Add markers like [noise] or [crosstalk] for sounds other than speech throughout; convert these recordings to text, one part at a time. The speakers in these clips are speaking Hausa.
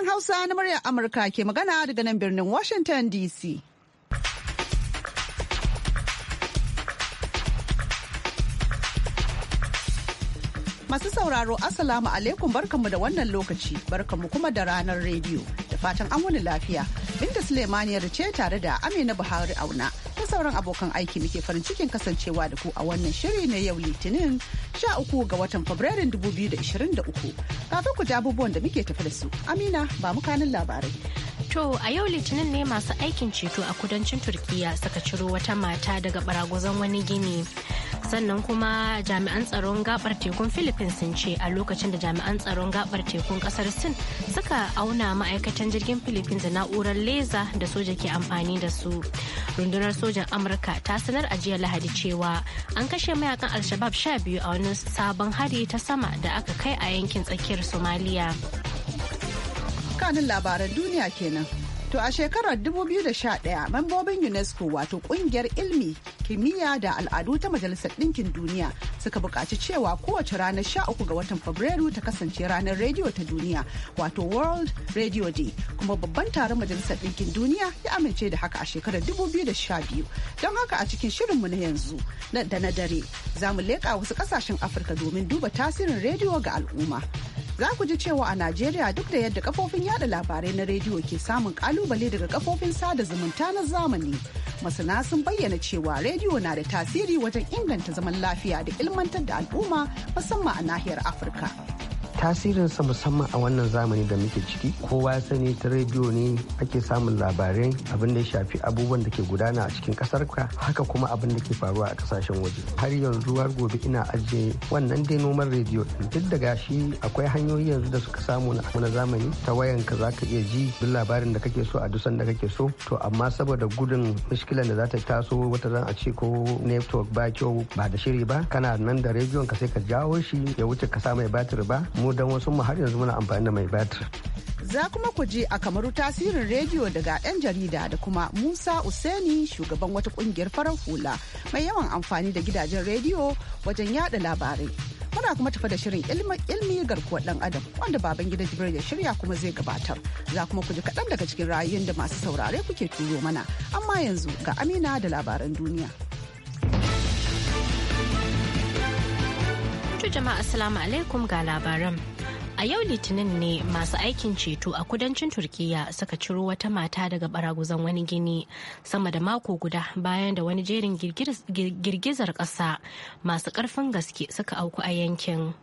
sashen Hausa na muryar Amurka ke magana daga nan birnin Washington DC. Masu sauraro, Assalamu alaikum barkanmu da wannan lokaci, barkanmu kuma da ranar rediyo. fatan an wani lafiya. Binta Suleimaniyar ce tare da Amina Buhari Auna ta sauran abokan aiki muke farin cikin kasancewa da ku a wannan shiri na yau Litinin 13 ga watan Fabrairun 2023. Kafin ku ja abubuwan da muke tafi da su, Amina ba mu kanin labarai. To a yau litinin ne masu aikin ceto a kudancin Turkiya suka ciro wata mata daga baragozon wani gini. Sannan kuma jami'an tsaron gabar tekun Philippines sun ce a lokacin da jami'an tsaron gabar tekun kasar Sin suka auna ma'aikatan jirgin Philippines da na'urar leza da soja ke amfani da su. Rundunar sojan Amurka ta sanar a jiya Lahadi cewa an kashe mayakan Alshabab sha biyu a wani sabon hari ta sama da aka kai a yankin tsakiyar Somalia. kanin labaran duniya kenan. To a shekarar 2011 membobin UNESCO wato kungiyar ilmi, kimiyya da al'adu ta Majalisar Ɗinkin Duniya suka buƙaci cewa kowace ranar 13 ga watan Fabrairu ta kasance ranar rediyo ta duniya wato World Radio Day kuma babban taron Majalisar Ɗinkin Duniya ya amince da haka a shekarar 2012. Don haka a cikin shirinmu na yanzu da na dare za mu leƙa wasu ƙasashen Afirka domin duba tasirin rediyo ga al'umma. za ku ji cewa a Najeriya duk da yadda kafofin yada labarai na rediyo ke samun kalubale daga kafofin sada zumunta na zamani. Masana sun bayyana cewa rediyo na da tasiri wajen inganta zaman lafiya da ilmantar da al'umma musamman a nahiyar Afirka. tasirinsa musamman a wannan zamani da muke ciki kowa ya sani ta rediyo ne ake samun labarai abin da ya shafi abubuwan da ke gudana a cikin kasar ka haka kuma abin da ke faruwa a kasashen waje har yanzu har gobe ina ajiye wannan dai noman rediyo duk da gashi akwai hanyoyi yanzu da suka samu na zamani ta wayan ka zaka iya ji duk labarin da kake so a dusan da kake so to amma saboda gudun mushkilan da za ta taso wata zan a ce ko network ba kyau ba da shiri ba kana nan da rediyon ka sai ka jawo shi ya wuce ka sa mai batir ba mu mu don wasu mu har yanzu muna amfani da mai batir. Za kuma ku ji a kamaru tasirin rediyo daga 'yan jarida da kuma Musa Useni shugaban wata kungiyar farar hula mai yawan amfani da gidajen rediyo wajen yada labarai. Muna kuma tafa da shirin ilmi garkuwar dan adam wanda baban gida Jibril ya shirya kuma zai gabatar. Za kuma ku ji kaɗan daga cikin rayuwar da masu saurare kuke turo mana. Amma yanzu ga Amina da labaran duniya. jama'a assalamu alaikum ga labaran. A yau litinin ne masu aikin ceto a kudancin Turkiyya suka ciro wata mata daga baraguzan wani gini sama da mako guda bayan da wani jerin girgizar ƙasa masu karfin gaske suka auku a yankin.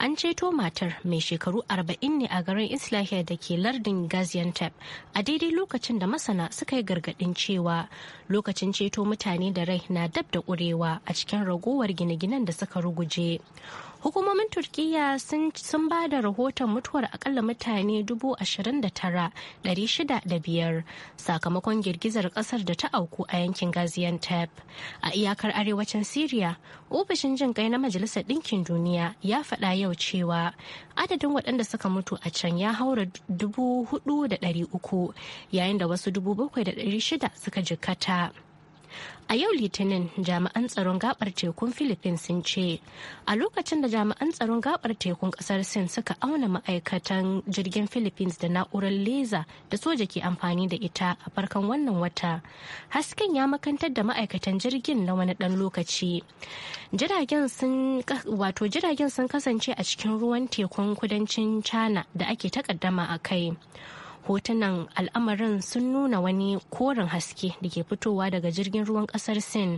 An ceto matar mai shekaru 40 ne a garin Islahiya da ke lardin Gaziantep a daidai lokacin da masana suka yi gargadin cewa lokacin ceto mutane da rai na dab da ƙurewa a cikin ragowar gine-ginen da suka ruguje. hukumomin turkiyya sun ba da rahoton mutuwar akalla mutane 29,605 sakamakon girgizar kasar da ta auku a yankin gaziantep a iyakar arewacin syria ofishin jin kai na majalisar ɗinkin duniya ya faɗa yau cewa adadin waɗanda suka mutu a can ya haura 4,300 yayin da wasu 7,600 suka jikata A yau Litinin jami'an tsaron gabar tekun Philippines sun ce, a lokacin da jami'an tsaron gabar tekun kasar Sin suka auna ma'aikatan jirgin Philippines da na'urar leza da soja ke amfani da ita a farkon wannan wata, hasken ya makantar da ma'aikatan jirgin na wani ɗan lokaci. wato jiragen sun kasance a cikin ruwan tekun kudancin China da ake takaddama a kai. hotunan al'amarin sun nuna wani koren haske da ke fitowa daga jirgin ruwan kasar sin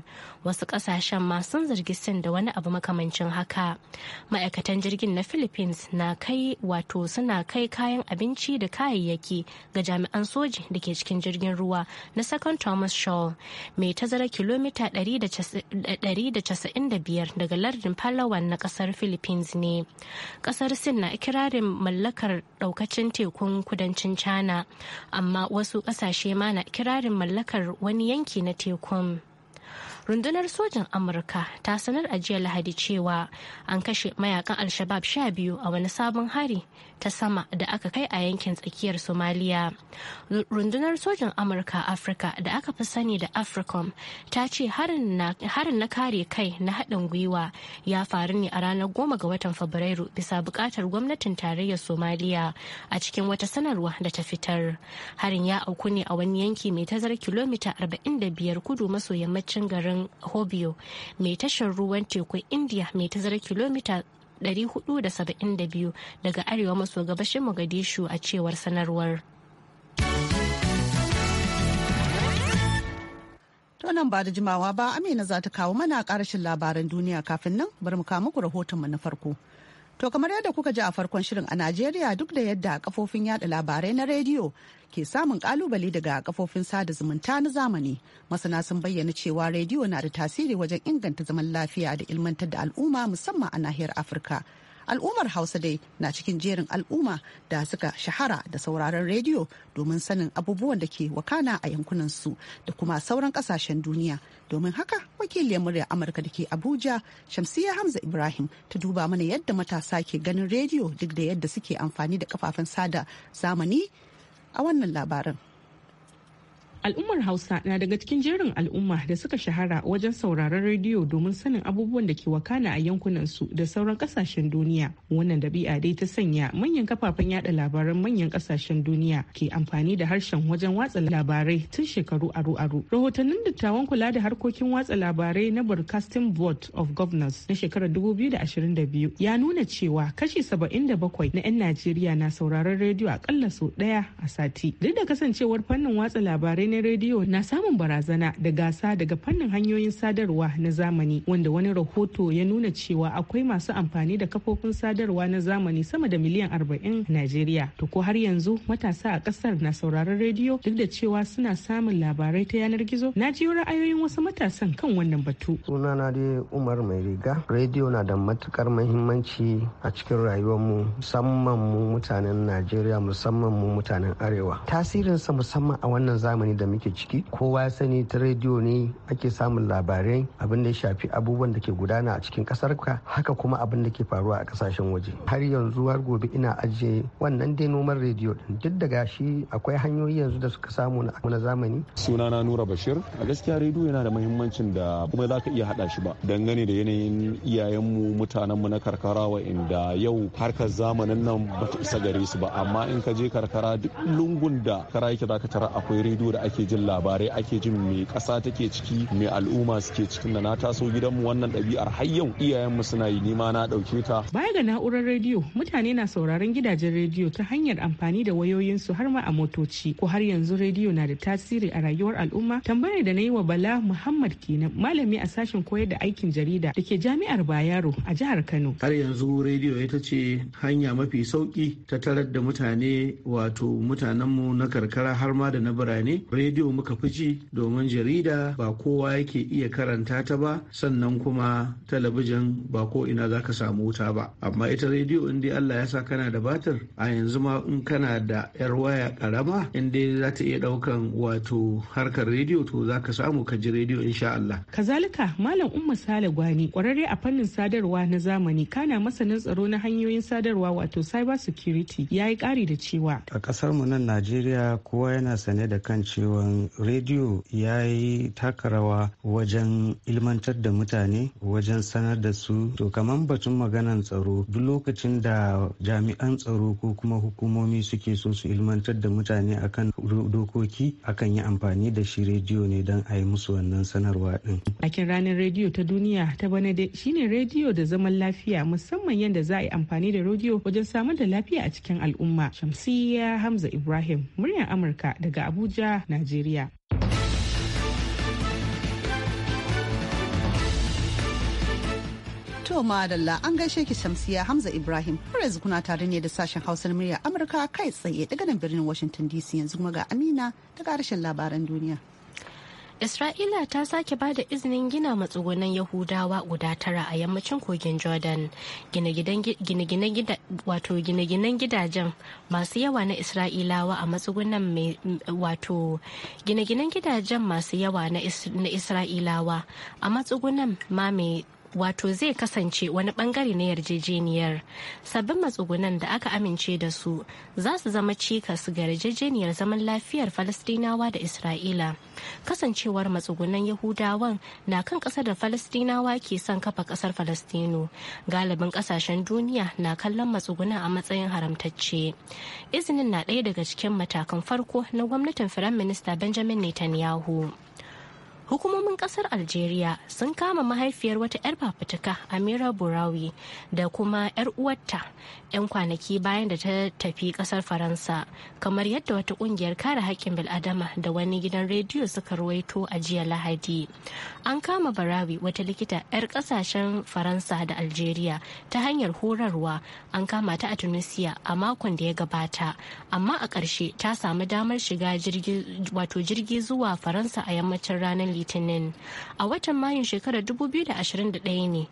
wasu kasashen ma sun zargi sin da wani abu makamancin haka ma'aikatan jirgin na philippines na kai wato suna kai kayan abinci da kayayyaki ga jami'an soji da ke cikin jirgin ruwa na second thomas shaw mai tazara kilomita 195 daga lardin palawan na kasar philippines ne kasar sin na ikirarin mallakar daukacin tekun kudancin china Ghana, amma wasu ƙasashe ma na kirarin mallakar wani yanki na tekun. rundunar sojan amurka ta sanar a jiya lahadi cewa an kashe mayakan alshabab sha biyu a wani sabon hari ta sama da aka kai a yankin tsakiyar somaliya rundunar sojan amurka afirka da aka fi sani da africom ta ce harin na kare kai na haɗin gwiwa ya faru ne a ranar goma ga watan fabrairu bisa buƙatar gwamnatin tarayyar somaliya a cikin wata sanarwa da ta fitar harin ya auku ne a wani yanki mai tazar kilomita 45 kudu maso yammacin garin garin hobio mai tashar ruwan tekun india mai tazarar kilomita 472 daga arewa maso gabashin mogadishu a cewar sanarwar tonan nan ba da jimawa ba Amina za ta kawo mana karshen labaran duniya kafin nan bari mu kawo muku rahotonmu na farko. To kamar yadda kuka ji a farkon shirin a Najeriya duk da yadda kafofin yada labarai na rediyo ke samun kalubale daga kafofin sada zumunta na zamani masana sun bayyana cewa rediyo na da tasiri wajen inganta zaman lafiya da ilmantar da al'umma musamman a nahiyar Afirka. al'ummar hausa dai na cikin jerin al'umma da suka shahara da sauraron rediyo domin sanin abubuwan da ke wakana a yankunan su da kuma sauran kasashen duniya domin haka wakiliyar murya amurka da ke abuja shamsiya hamza ibrahim ta duba mana yadda matasa ke ganin rediyo duk da yadda suke amfani da kafafen sada zamani a wannan labarin. Al'ummar Hausa na daga cikin jerin al'umma da suka shahara wajen sauraron rediyo domin sanin abubuwan da ke wakana a yankunansu da sauran kasashen duniya. Wannan dabi'a dai ta sanya manyan kafafen yada labaran manyan kasashen duniya ke amfani da harshen wajen watsa labarai tun shekaru aru-aru. Rahotannin dattawan kula da harkokin watsa labarai na Broadcasting Board of Governors na shekarar 2022 ya nuna cewa kashi bakwai na 'yan Najeriya na sauraron rediyo akalla sau ɗaya a sati. Duk da kasancewar fannin watsa labarai gidajen rediyo na samun barazana da gasa daga fannin hanyoyin sadarwa na zamani wanda wani rahoto ya nuna cewa akwai masu amfani da kafofin sadarwa na zamani sama da miliyan 40 a Najeriya. To ko har yanzu matasa a kasar na sauraron rediyo duk da cewa suna samun labarai ta yanar gizo? Na ji ra'ayoyin wasu matasan kan wannan batu. na dai Umar Mai Riga. Rediyo na da matukar muhimmanci a cikin rayuwarmu musamman mu mutanen Najeriya musamman mu mutanen Arewa. Tasirinsa musamman a wannan zamani da da muke ciki kowa ya sani ta rediyo ne ake samun labarai abin da ya shafi abubuwan da ke gudana a cikin kasar ka haka kuma abin da ke faruwa a kasashen waje har yanzu har gobe ina ajiye wannan dai noman rediyo din duk daga shi akwai hanyoyi yanzu da suka samu na zamani sunana nura bashir a gaskiya rediyo yana da muhimmancin da kuma za ka iya hada shi ba dangane da yanayin iyayenmu mutanenmu na karkara wa'inda yau harkar zamanin nan ba ta isa gare su ba amma in ka je karkara duk lungun da kara yake za ka tara akwai rediyo da ake ake jin labarai ake jin me kasa take ciki me al'umma suke cikin da na taso gidanmu wannan ɗabi'ar har yau iyayenmu suna yi nima na ɗauke ta. Baya ga na'urar rediyo mutane na sauraron gidajen rediyo ta hanyar amfani da wayoyinsu har ma a motoci ko har yanzu rediyo na da tasiri a rayuwar al'umma tambayar da na yi wa Bala Muhammad kenan malami a sashen koyar da aikin jarida da ke jami'ar Bayero a jihar Kano. Har yanzu rediyo ita ce hanya mafi sauki ta tarar da mutane wato mutanenmu na karkara har ma da na birane. rediyo muka fi ji domin jarida ba kowa yake iya karanta ta ba sannan kuma talabijin ba ko ina za ka samu wuta ba amma ita rediyo in dai allah ya sa kana da batir a yanzu ma in kana da yar waya karama in dai za ta iya daukan wato harkar rediyo to za ka samu ka ji rediyo insha allah kazalika malam umma sale gwani kwararre a fannin sadarwa na zamani kana masanin tsaro na hanyoyin sadarwa wato cyber security ya yi kari da cewa a kasar mu nan najeriya kowa yana sane da kan cewa cewa rediyo ya yi takarawa wajen ilmantar da mutane wajen sanar da su to kamar batun maganan tsaro duk lokacin da jami'an tsaro ko kuma hukumomi suke so su ilmantar da mutane akan dokoki akan yi amfani da shi rediyo ne don a yi musu wannan sanarwa din. Bakin ranar rediyo ta duniya ta bana da shine rediyo da zaman lafiya musamman yadda za a yi amfani da rediyo wajen samar da lafiya a cikin al'umma. Shamsiyya Hamza Ibrahim muryar Amurka daga Abuja, na Najeriya. To madalla an gaishe ki Shamsiya Hamza Ibrahim har yanzu kuna tare ne da sashen Hausa na murya Amurka kai tsaye daga nan birnin Washington DC yanzu kuma ga Amina daga harshen labaran duniya. Isra'ila ta sake ba da izinin gina matsugunan Yahudawa guda tara a yammacin kogin Jordan. Gine-ginen gidajen masu yawa na Isra'ilawa a matsugunan wato gine-ginen gidajen masu yawa na Isra'ilawa a matsugunan mai wato zai kasance wani bangare na yarjejeniyar sabbin matsugunan da aka amince da su za su zama cikas ga yarjejeniyar zaman lafiyar falastinawa da isra'ila kasancewar matsugunan yahudawan na kan kasar da falastinawa ke son kafa kasar falastinu galibin kasashen duniya na kallon matsugunan a matsayin haramtacce izinin na ɗaya daga cikin matakan farko na gwamnatin firaminista benjamin netanyahu hukumomin kasar algeria sun kama mahaifiyar wata 'yar fafutuka amira burawi da kuma 'yar uwarta 'yan kwanaki bayan da ta tafi kasar faransa kamar yadda wata kungiyar kare haƙƙin bil'adama da wani gidan rediyo suka ruwaito a jiya lahadi an kama barawi wata likita 'yar ƙasashen faransa da algeria ta hanyar horarwa an kama ta a tunisia a makon da ya gabata amma a ƙarshe ta samu damar shiga wato jirgi zuwa faransa a yammacin ranar litinin a watan mayun shekarar 2021 ne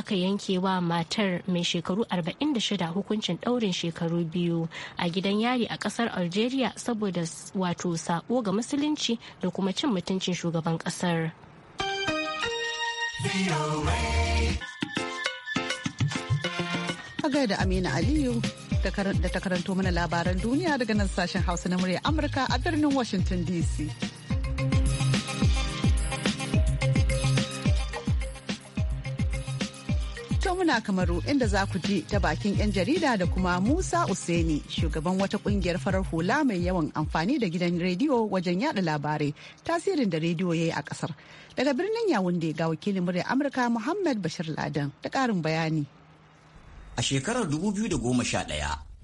aka yanke wa matar mai shekaru 46 hukuncin daurin shekaru biyu a gidan yari a kasar algeria saboda wato sabo ga musulunci da kuma cin mutuncin shugaban ƙasar. Hagai da Amina Aliyu da ta karanto mana labaran duniya daga nan sashen Hausa na murya Amurka a birnin Washington DC. muna kamaru inda za ku ji ta bakin 'yan jarida da kuma Musa Useni shugaban wata kungiyar farar hula mai yawan amfani da gidan rediyo wajen yada labarai tasirin da rediyo ya yi a kasar. Daga birnin Yawunde ga wakilin murya Amurka Muhammad Bashir Ladan da karin bayani. A shekarar 2011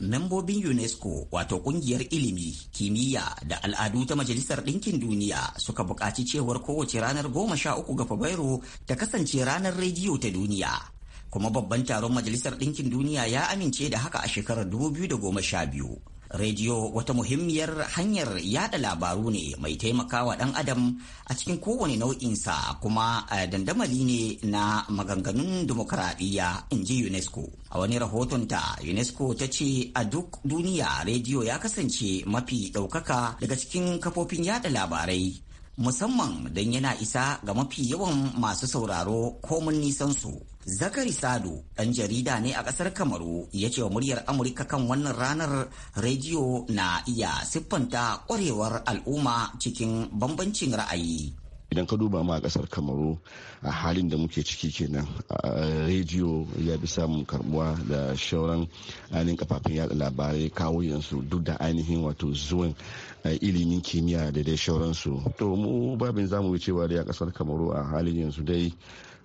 membobin UNESCO wato kungiyar ilimi, kimiyya da al'adu ta Majalisar Ɗinkin Duniya suka buƙaci cewar kowace ranar goma sha uku ga Fabrairu ta kasance ranar rediyo ta duniya. kuma babban taron majalisar ɗinkin duniya ya amince da haka a shekarar 2012 rediyo wata muhimmiyar hanyar yada labaru ne mai taimakawa ɗan adam a cikin kowane nau'insa kuma eh, dandamali ne na maganganun dimokuraɗiyya in ji unesco a wani rahotonta unesco ta ce a duk duniya rediyo ya kasance mafi ɗaukaka daga cikin kafofin yada labarai musamman don yana isa ga mafi yawan masu sauraro komin nisan su. Zakari Sado, ɗan jarida ne a ƙasar Kamaru, ya ce wa muryar Amurka kan wannan ranar rediyo na iya siffanta ƙwarewar al'umma cikin bambancin ra'ayi. idan ka duba ma a kasar kamaru a halin da muke ciki kenan rediyo ya bi samun karbuwa da shauran ainihin kafafen yada labarai kawo yanzu duk da ainihin wato zuwan ilimin kimiyya da dai shauransu to mu babin zamu cewa dai a kasar kamaru a halin yanzu dai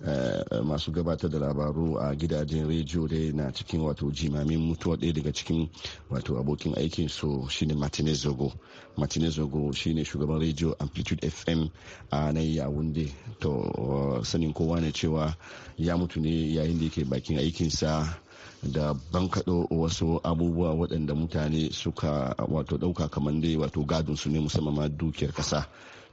Eh, masu gabatar da labaru a gidajen rediyo dai na cikin wato jimamin mutuwa ɗaya daga cikin wato abokin aikin su shine martinez zogo martinez zogo shine shugaban rediyo amplitude fm a nan dai to sanin kowa ne cewa ya mutu ne yayin da yake bakin aikinsa da ban bankaɗo wasu abubuwa waɗanda mutane suka wato ɗauka kamar dai wato gadon su ne musamman ma dukiyar ƙasa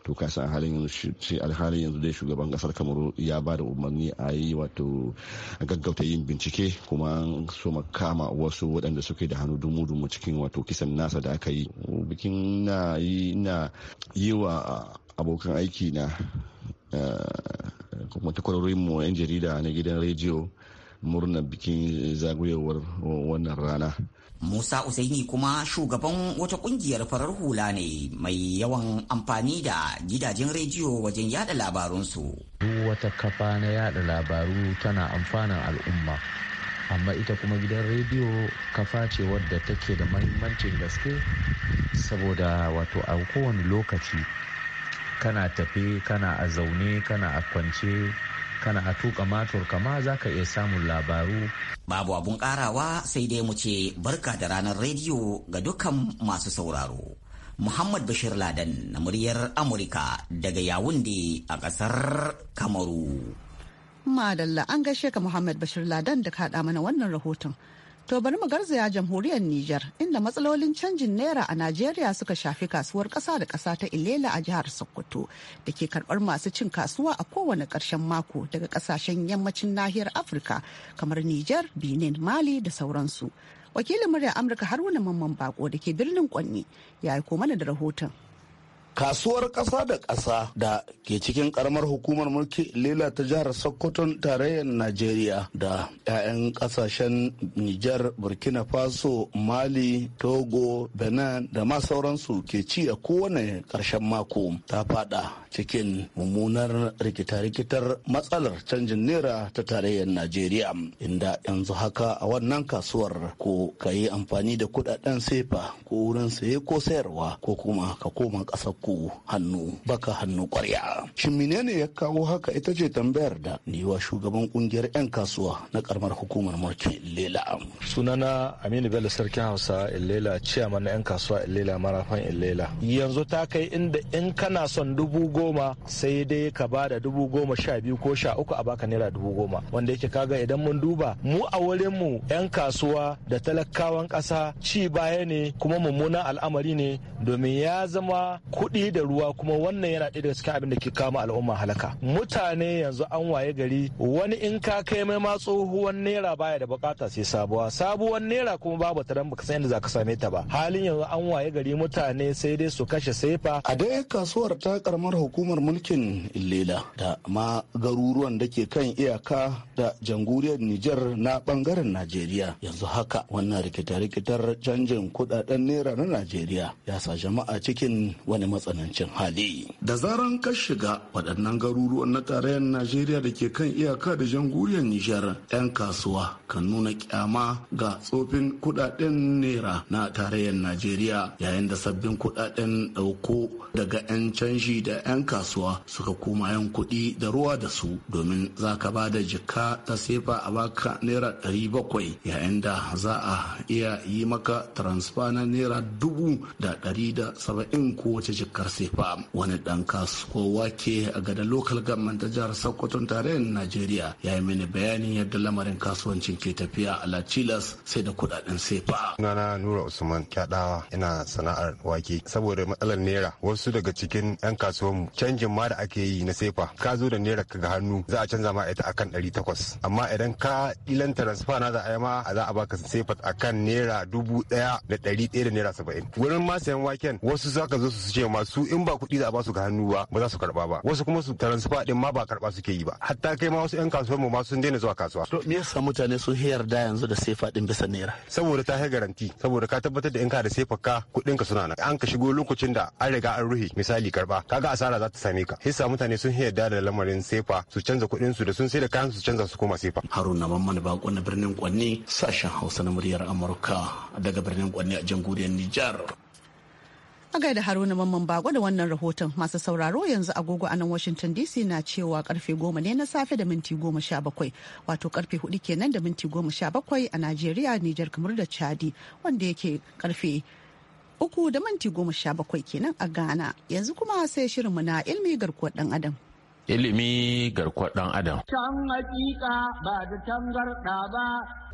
to ka san halin yanzu shi alhalin yanzu dai shugaban kasar kamaru ya ba da umarni a yi wato gaggauta yin bincike kuma so kama wasu waɗanda suke da hannu dumu-dumu cikin wato kisan nasa da aka yi bikin na yi na yi wa abokan aiki na eh, kuma takwarorin mu 'yan jarida na gidan rediyo murnar bikin zagayowar wannan rana Musa Usaini kuma shugaban wata kungiyar farar hula ne mai yawan amfani da gidajen rediyo wajen yada labarunsu. Duk wata kafa na yada labaru tana amfanin al'umma. Amma ita kuma gidan rediyo kafa ce wadda take da mahimmancin gaske saboda wato a kowane lokaci kana tafe kana a zaune kana a kwance kana a tuka matur kama za ka iya samun labaru. Babu abun karawa sai dai mu ce barka da ranar rediyo ga dukkan masu sauraro. Muhammad Bashir Ladan na muryar Amurka daga Yawunde a ƙasar Kamaru. Madalla an gaishe ka Muhammad Bashir Ladan da ka haɗa mana wannan rahoton. To bari mu garzaya jamhuriyar Nijar inda matsalolin canjin naira a Najeriya suka shafi kasuwar ƙasa da ƙasa ta Ilela a jihar Sokoto da ke karɓar masu cin kasuwa a kowane ƙarshen mako daga ƙasashen yammacin nahiyar Afirka kamar Nijar, Benin, Mali da sauransu. Wakilin murya Amurka Haruna Mamman Bako da ke birnin Kwanni ya aiko mana da rahoton. kasuwar ƙasa da ƙasa da ke cikin ƙaramar hukumar mulki lela ta jihar sokoton tarayyar najeriya da 'ya'yan ƙasashen nijar burkina faso mali togo benin da ma sauransu ke ci a kowane ƙarshen mako ta fada cikin mummunar rikita-rikitar matsalar canjin naira ta tarayyar najeriya inda yanzu haka a wannan kasuwar ko ka yi amfani da kuɗaɗen sefa ko wurin saye ko sayarwa ko kuma ka koma ƙasar ku hannu baka hannu kwarya shin menene ya kawo haka ita ce tambayar da niwa shugaban kungiyar 'yan kasuwa na karamar hukumar mulki lela sunana aminu bello sarkin hausa Lela ciyaman na 'yan kasuwa Lela marafan Lela. yanzu ta kai inda in kana son dubu goma sai dai ka ba da dubu goma sha biyu ko sha uku a baka naira dubu goma wanda yake kaga idan mun duba mu a wurin mu 'yan kasuwa da talakawan ƙasa ci baya ne kuma mummunan al'amari ne domin ya zama kuɗi kuɗi da ruwa kuma wannan yana ɗaya daga cikin abin da ke kama al'umma halaka mutane yanzu an waye gari wani in ka kai mai ma tsohuwan naira baya da bukata sai sabuwa sabuwar naira kuma babu ta dan baka san yadda zaka same ta ba halin yanzu an waye gari mutane sai dai su kashe sefa a dai kasuwar ta karamar hukumar mulkin lela da ma garuruwan da ke kan iyaka da jamhuriyar Nijar na bangaren Najeriya yanzu haka wannan rikita-rikitar canjin kudaden naira na Najeriya ya sa jama'a cikin wani matsanancin hali da zaran ka shiga waɗannan garuruwan na tarayyar najeriya da ke kan iyaka da janguriyar nijar 'yan kasuwa kan nuna kyama ga tsofin kudaden naira na tarayyar najeriya yayin da sabbin kudaden ɗauko daga 'yan canji da 'yan kasuwa suka koma 'yan kuɗi da ruwa da su domin za ka ba da jika ta sefa a baka naira ɗari bakwai yayin da za a iya yi maka transfer na naira dubu da da ɗari saba'in kowace jika jikar sefa wani dan kasuwa wake a gada lokal government ta jihar sokoton tarayyar najeriya ya yi mini bayanin yadda lamarin kasuwancin ke tafiya a latilas sai da kudaden sefa sunana nura usman kyadawa ina sana'ar wake saboda matsalar naira wasu daga cikin yan kasuwanmu canjin ma da ake yi na sefa ka zo da naira ka ga hannu za a canza ma ita akan ɗari takwas amma idan ka ilan transfer na za a yi ma za a baka sefa akan naira dubu ɗaya da ɗari ɗaya da naira saba'in wurin ma sayan waken wasu za ka zo su ce ma dama su in ba kuɗi za a ba su ga hannu ba ba za su karba ba wasu kuma su transfer din ma ba karba suke yi ba hatta kai ma wasu yan kasuwar mu ma sun daina zuwa kasuwa to me yasa mutane sun hiyar da yanzu da sefa din bisa naira saboda ta haifar garanti saboda ka tabbatar da in ka da sefa ka kuɗin ka suna nan an ka shigo lokacin da an riga an ruhe misali karba kaga asara za ta same ka hissa mutane sun hiyar da lamarin sefa su canza kuɗin su da sun sai da kayan su canza su koma sefa haruna mamman bako na birnin kwanne sashen hausa na muryar amurka daga birnin kwanne a jamhuriyar nijar A gaida Haruna Mamman Bago da wannan rahoton masu sauraro yanzu agogo a nan Washington DC na cewa karfe goma ne na safe da minti goma sha bakwai wato karfe hudu kenan da minti goma sha bakwai a nigeria Nijar, kamar da Chadi wanda yake karfe uku da minti goma sha bakwai kenan a Ghana yanzu kuma sai shirinmu na ilmi garkuwar dan adam. Ilimi garkuwar dan adam. Can hakika ba da tangarda ba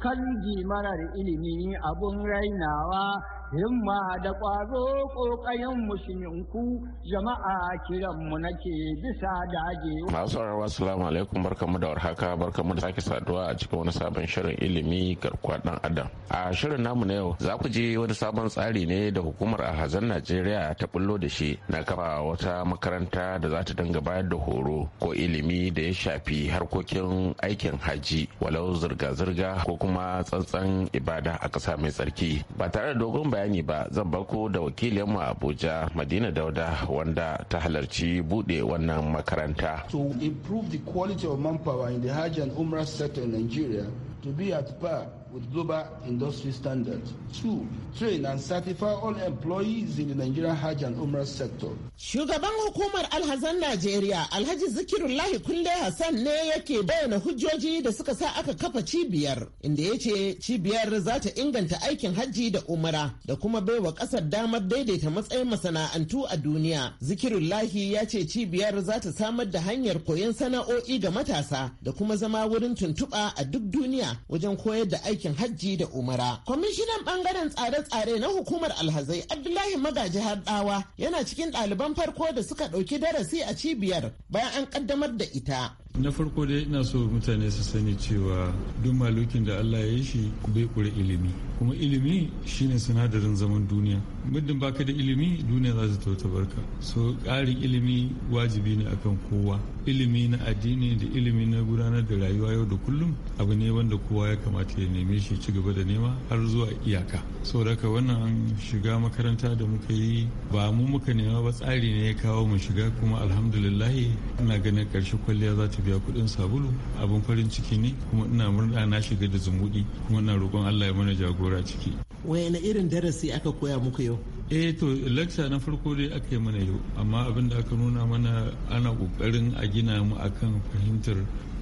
kan marar ilimi abun rainawa himma da ƙwaro ƙoƙayen musulminku jama'a kiranmu nake bisa dage. Masu rarwa salamu alaikum barkamu da warhaka barkamu da sake saduwa a cikin wani sabon shirin ilimi garkuwa ɗan adam. A shirin namu na yau za ku je wani sabon tsari ne da hukumar a hazan Najeriya ta bullo da shi na kafa wata makaranta da za ta dinga bayar da horo ko ilimi da ya shafi harkokin aikin hajji, walau zirga-zirga ko kuma tsantsan ibada a ƙasa mai tsarki ba tare da dogon bayani bayani ba zan barko da wakilinmu a abuja madina dauda wanda ta halarci bude wannan makaranta to improve the quality of manpower in the hajj and umrah sector in nigeria to be at par with global industry standards. Two, train and certify all employees in the Nigerian Hajj and Umrah sector. Shugaban hukumar alhazan Najeriya Alhaji Zikirullahi Kulle Hassan ne yake bayyana hujjoji da suka sa aka kafa cibiyar inda ya ce cibiyar za ta inganta aikin hajji da umara da kuma baiwa kasar damar daidaita matsayin masana'antu a duniya. Zikirullahi ya ce cibiyar za ta samar da hanyar koyon sana'o'i ga matasa da kuma zama wurin tuntuɓa a duk duniya wajen koyar da aiki. aikin hajji da umara. Kwamishinan bangaren tsare-tsare na hukumar alhazai Abdullahi Magaji Harɗawa yana cikin ɗaliban farko da suka ɗauki darasi a cibiyar bayan an ƙaddamar da ita. na farko dai ina so mutane su sani cewa duk malukin da allah ya yi shi bai kure ilimi kuma ilimi shine sinadarin zaman duniya muddin baka da ilimi duniya za ta ta barka so ƙarin ilimi wajibi ne akan kowa ilimi na addini da ilimi na gudanar da rayuwa yau da kullum abu ne wanda kowa ya kamata ya neme shi ci gaba da nema har zuwa iyaka so daga wannan shiga makaranta da muka yi ba mu muka nema ba tsari ne ya kawo mu shiga kuma alhamdulillahi ina ganin ƙarshen kwalliya za ta biya kuɗin sabulu abin farin ciki ne kuma ina murna na shiga da zumuɗi kuma ina roƙon Allah ya mana jagora ciki. Wayanne irin darasi aka koya muku yau? eh to lecture na farko dai aka yi mana yau amma abin da aka nuna mana ana kokarin a gina mu akan fahimtar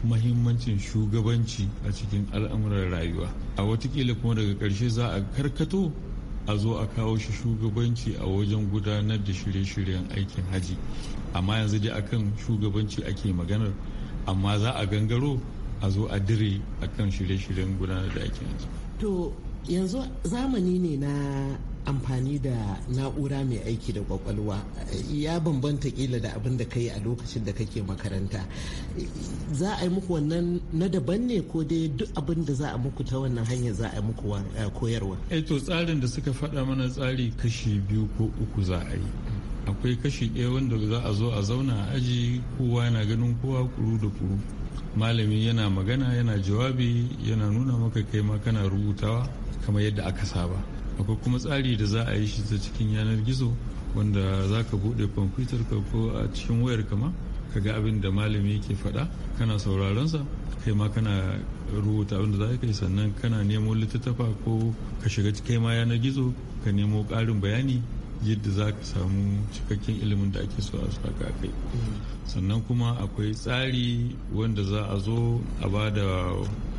mahimmancin shugabanci a cikin al'amuran rayuwa a watakila kuma daga karshe za a karkato a zo a kawo shi shugabanci a wajen gudanar da shirye-shiryen aikin haji amma yanzu dai akan shugabanci ake maganar amma za a gangaro a zo a dire a kan shirye-shiryen gudanar da aikin yanzu. To yanzu zamani ne na amfani da na'ura mai aiki da kwakwalwa ya bambanta kila da abin da ka a lokacin da kake makaranta za a yi muku wannan na daban ne ko dai duk abin da za a muku ta wannan hanyar za a yi muku eh, koyarwa. Eh, to tsarin da suka faɗa mana tsari kashi biyu ko uku za a yi akwai kashi ɗaya wanda za a zo a zauna a aji kowa yana ganin kowa kuru da kuru malami yana magana yana jawabi yana nuna maka kai ma kana rubutawa kamar yadda aka saba akwai kuma tsari da za a yi shi ta cikin yanar gizo wanda za ka buɗe kwamfutar ka ko a cikin wayar kama ka ga abin da malami yake faɗa kana sauraron sa kai ma kana rubuta abin da za ka yi sannan kana nemo littattafa ko ka shiga kai ma yanar gizo ka nemo ƙarin bayani yadda za ka samu cikakken ilimin da ake so a saka kai sannan kuma akwai tsari wanda za a zo a ba da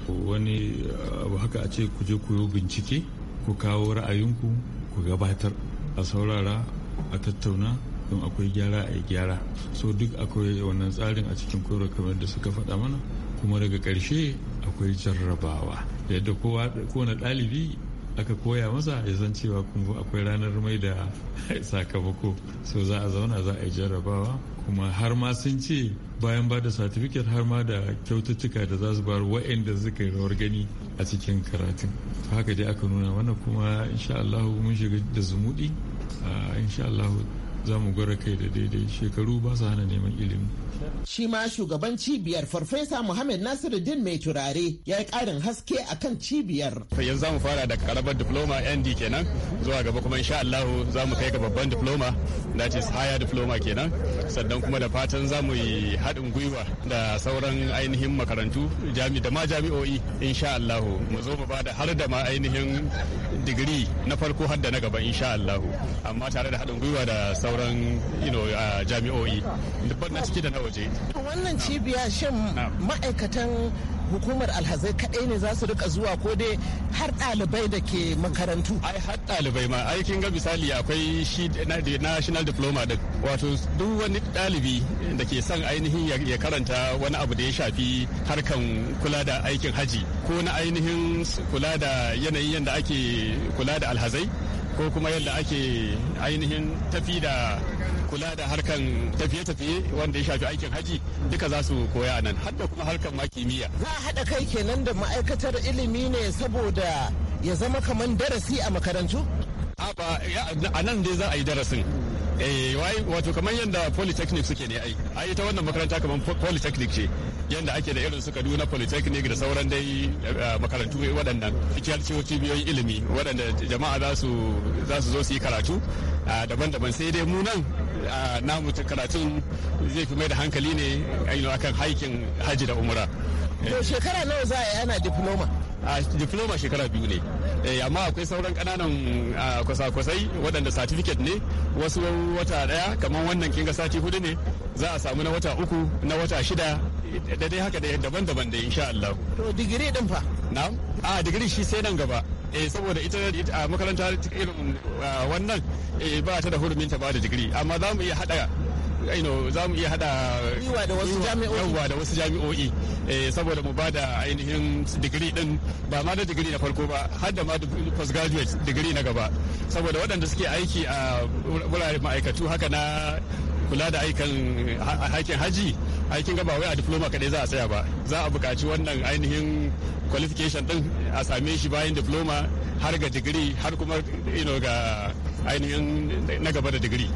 wani abu haka a ce ku je koyo bincike ku kawo ra'ayinku ku gabatar a saurara a tattauna don akwai gyara a gyara so duk akwai wannan tsarin a cikin koyar kamar da suka faɗa mana kuma daga ƙarshe akwai jarrabawa yadda kowane ɗalibi aka koya masa ya san cewa kuma akwai ranar mai da [laughs] sakamako so za a zauna za a yi jarrabawa kuma har ma sun ce bayan ba da satifiket har ma da kyaututtuka da za su bayar wa'anda suka yi rawar gani a cikin karatun haka dai aka nuna wannan kuma insha Allah mun shiga da zumudi ah, insha Allah za mu gwara kai da daidai shekaru ba su hana neman ilimi Shi ma shugaban cibiyar Farfesa Muhammad Nasiruddin mai turare ya yi ƙarin haske a kan cibiyar. Yanzu za mu fara da karabar diploma ND kenan zuwa gaba kuma insha Allah za mu kai ga babban diploma that is higher diploma kenan sannan kuma da fatan za mu yi haɗin gwiwa da sauran ainihin makarantu da ma jami'o'i insha Allah mu zo mu bada har da ma ainihin digiri na farko har da na gaba insha Allah amma tare da haɗin gwiwa da sauran jami'o'i duk na ciki da na waje wannan cibiya shin ma'aikatan hukumar alhazai kadai ne za su rika zuwa ko dai har ɗalibai da ke makarantu ai har ɗalibai ma aikin ga misali akwai shi national diploma da wato duk wani ɗalibi da ke son ainihin ya karanta wani abu da ya shafi harkan kula da aikin haji ko na ainihin kula da yanayin yadda ake kula da alhazai ko kuma yadda ake ainihin tafi da kula da harkan tafiye-tafiye wanda ya shafi aikin haji duka za su koya nan har da kuma harkan ma kimiyya za a haɗa kai kenan da ma'aikatar ilimi ne saboda ya zama kamar darasi a makarantu a nan dai za a yi darasin eh wato kamar yadda polytechnic suke ne ai ai ita wannan makaranta kamar polytechnic ce yadda ake da irin su kaduna polytechnic da sauran dai eh, makarantu waɗannan cikin cibiyoyin ilimi waɗanda jama'a za su zo su yi karatu ah, daban-daban sai dai mu nan ah, namu karatun zai fi mai da hankali ne akan haikin haji da umura. to shekara nawa za a yi ana diploma? a ah, diploma shekara biyu ne Eh, amma akwai sauran kananan ah, kwasa-kwasai waɗanda certificate ne wasu wata ɗaya kamar wannan kinga sati hudu ne za a samu na wata uku na wata shida da dai haka da daban-daban da insha Allah. To digiri din fa? Na'am. A digiri shi sai nan gaba. eh saboda ita a makaranta irin ah, wannan eh, ba ta da hurumin ta ba da digiri amma za mu iya hada za mu iya hada gwiwa da wasu jami'o'i eh, saboda mu ba da ainihin digiri din ba ma da digiri na farko ba har da ma postgraduate digiri na gaba saboda waɗanda suke aiki a wurare ma'aikatu haka na kula da aikin haji aikin gaba wai a diploma kadai za a tsaya ba za a buƙaci wannan ainihin qualification din a same shi bayan diploma har ga digiri har kuma ga ainihin na gaba da digiri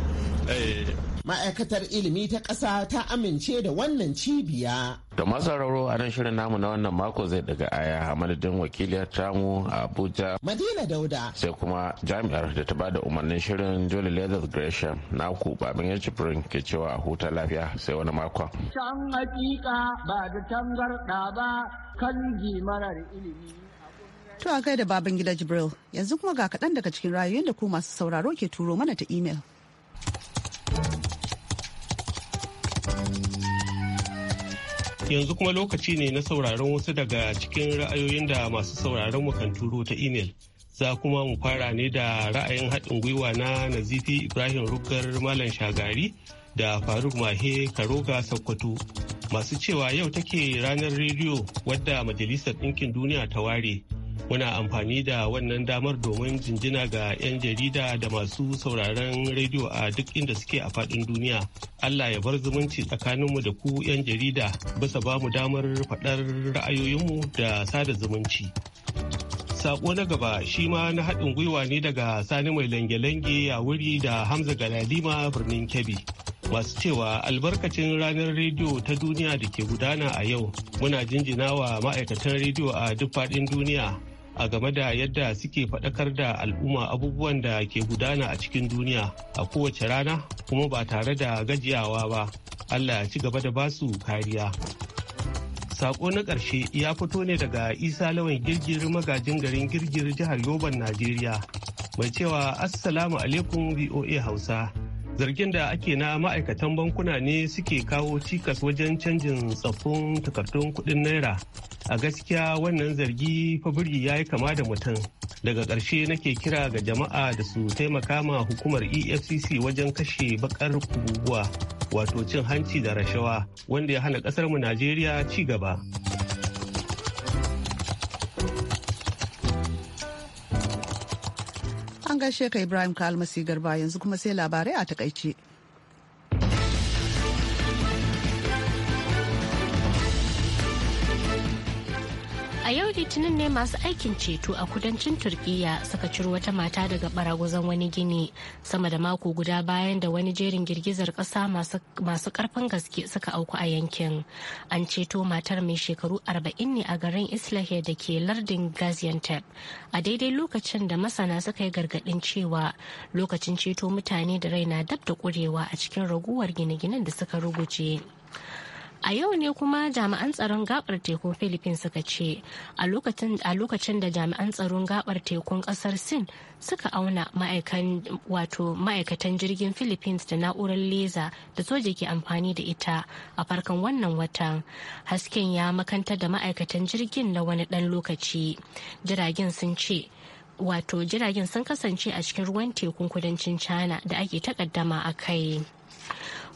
eh, ma'aikatar ilimi ta ƙasa ta amince da wannan cibiya. da masu sauraro a nan shirin namu na wannan mako zai daga aya a madadin wakiliyar tamu a abuja madina dauda sai kuma jami'ar da ta ba da umarnin shirin jolly leather gresham na ku babin yanci ke cewa a huta lafiya sai wani mako. can hakika ba da tangarɗa ba kan marar ilimi. to a gaida baban gida jibril yanzu kuma ga kaɗan daga cikin rayuwar da ku masu sauraro ke turo mana ta imel. Yanzu kuma lokaci ne na sauraron wasu daga cikin ra'ayoyin da masu sauraron mu kan turo ta imel. Za kuma mu fara ne da ra'ayin haɗin gwiwa na Nazifi Ibrahim rukar Malam Shagari da Faruk Mahe Karoga Sokoto. Masu cewa yau take ranar rediyo wadda Majalisar Ɗinkin Duniya ta ware. muna amfani da wannan damar domin jinjina ga 'yan jarida da masu sauraron rediyo a duk inda suke a faɗin duniya allah ya bar zumunci tsakaninmu da ku 'yan jarida bisa ba mu damar faɗar ra'ayoyinmu da sada zumunci sako na gaba shi ma na haɗin gwiwa ne daga sani mai lange-lange a wuri da hamza galadima birnin kebbi masu cewa albarkacin ranar rediyo ta duniya da ke gudana a yau muna jinjina wa ma'aikatan rediyo a duk faɗin duniya a game da yadda suke faɗakar da al'umma abubuwan da ke gudana a cikin duniya a kowace rana kuma ba tare da gajiyawa ba allah ya ci gaba da basu kariya sako na ƙarshe ya fito ne daga isa lawan girgir magajin garin girgir jihar yoban najeriya mai cewa assalamu alaikum voa hausa zargin da ake na ma'aikatan bankuna ne suke kawo cikas wajen canjin tsaffin takardun kuɗin naira a gaskiya wannan zargi burgi ya yi kama da mutum daga ƙarshe nake kira ga jama'a da su taimaka ma hukumar efcc wajen kashe bakar kuguguwa wato cin hanci da rashawa wanda ya hana ƙasarmu najeriya ci gaba an gaishe ka ibrahim kalmasi garba yanzu kuma sai labarai a takaice a yau litinin ne masu aikin ceto a kudancin turkiya suka ciro wata mata daga baraguzan wani gini sama da mako guda bayan da wani jerin girgizar kasa masu karfin gaske suka auku a yankin an ceto matar mai shekaru 40 ne a garin islahe da ke lardin gaziantep a daidai lokacin da masana suka yi gargadin cewa lokacin ceto mutane da raina dab da kurewa a cikin raguwar gine-ginen da suka ruguje a yau ne kuma jami'an tsaron gabar tekun philippines suka ce a lokacin da jami'an tsaron gabar tekun kasar sin suka auna ma'aikatan jirgin philippines da na'urar leza da soja ke amfani da ita a farkon wannan watan hasken ya makanta da ma'aikatan jirgin na wani dan lokaci jiragen sun ce wato jiragen sun kasance a cikin ruwan tekun kudancin china da ake takaddama a kai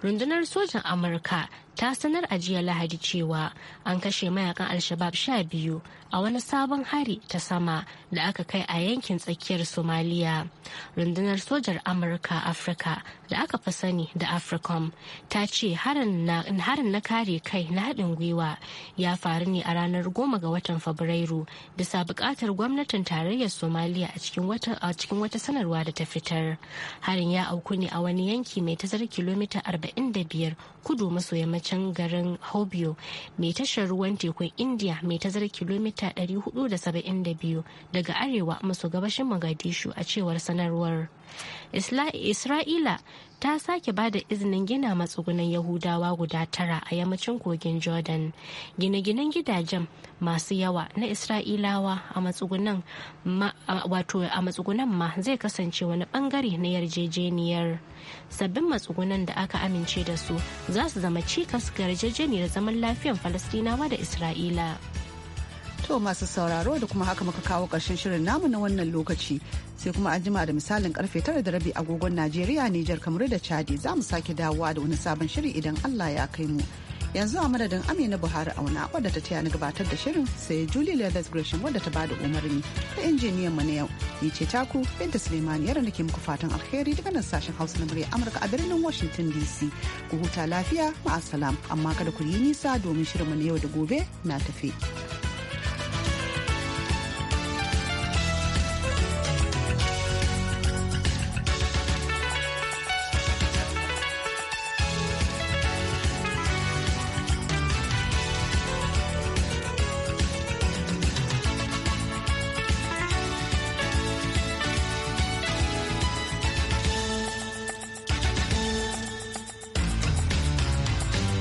rundunar sojan amurka ta sanar a jiya lahadi cewa an kashe mayakan alshabab sha biyu a wani sabon hari ta sama da aka kai a yankin tsakiyar somaliya rundunar sojar amurka afirka da aka fi sani da africom ta ce harin na kare kai na haɗin gwiwa ya faru ne a ranar goma ga watan fabrairu bisa buƙatar gwamnatin tarayyar somaliya a cikin wata sanarwa da ta fitar harin ya auku ne a wani yanki mai tazar kilomita 45 kudu maso yammacin can garin hobyo mai tashar ruwan tekun india mai tazar kilomita 472 daga arewa maso gabashin mogadishu a cewar sanarwar isra'ila ta sake ba da izinin gina matsugunan yahudawa guda tara a yammacin kogin jordan gine-ginen gidajen masu yawa na isra'ilawa a matsugunan ma zai kasance wani bangare na yarjejeniyar sabbin matsugunan da aka amince da su za su zama cikas ga yarjejeniyar zaman lafiyan falastinawa da isra'ila To masu sauraro da kuma haka muka kawo ƙarshen shirin namu na wannan lokaci sai kuma an jima da misalin karfe tara da rabi agogon Najeriya, Nijar, kamar da Chadi za mu sake dawowa da wani sabon shiri idan Allah ya kai mu. Yanzu a madadin Amina Buhari auna wadda ta taya na gabatar da shirin sai Julie Leathers Gresham wadda ta bada umarni ta injiniyan mu na yau. Ni ce taku Binta Suleiman yara nake muku fatan alheri daga nan sashen Hausa na murya Amurka a birnin Washington DC. Ku huta lafiya ma'asalam amma kada ku yi nisa domin shirinmu na yau da gobe na tafi.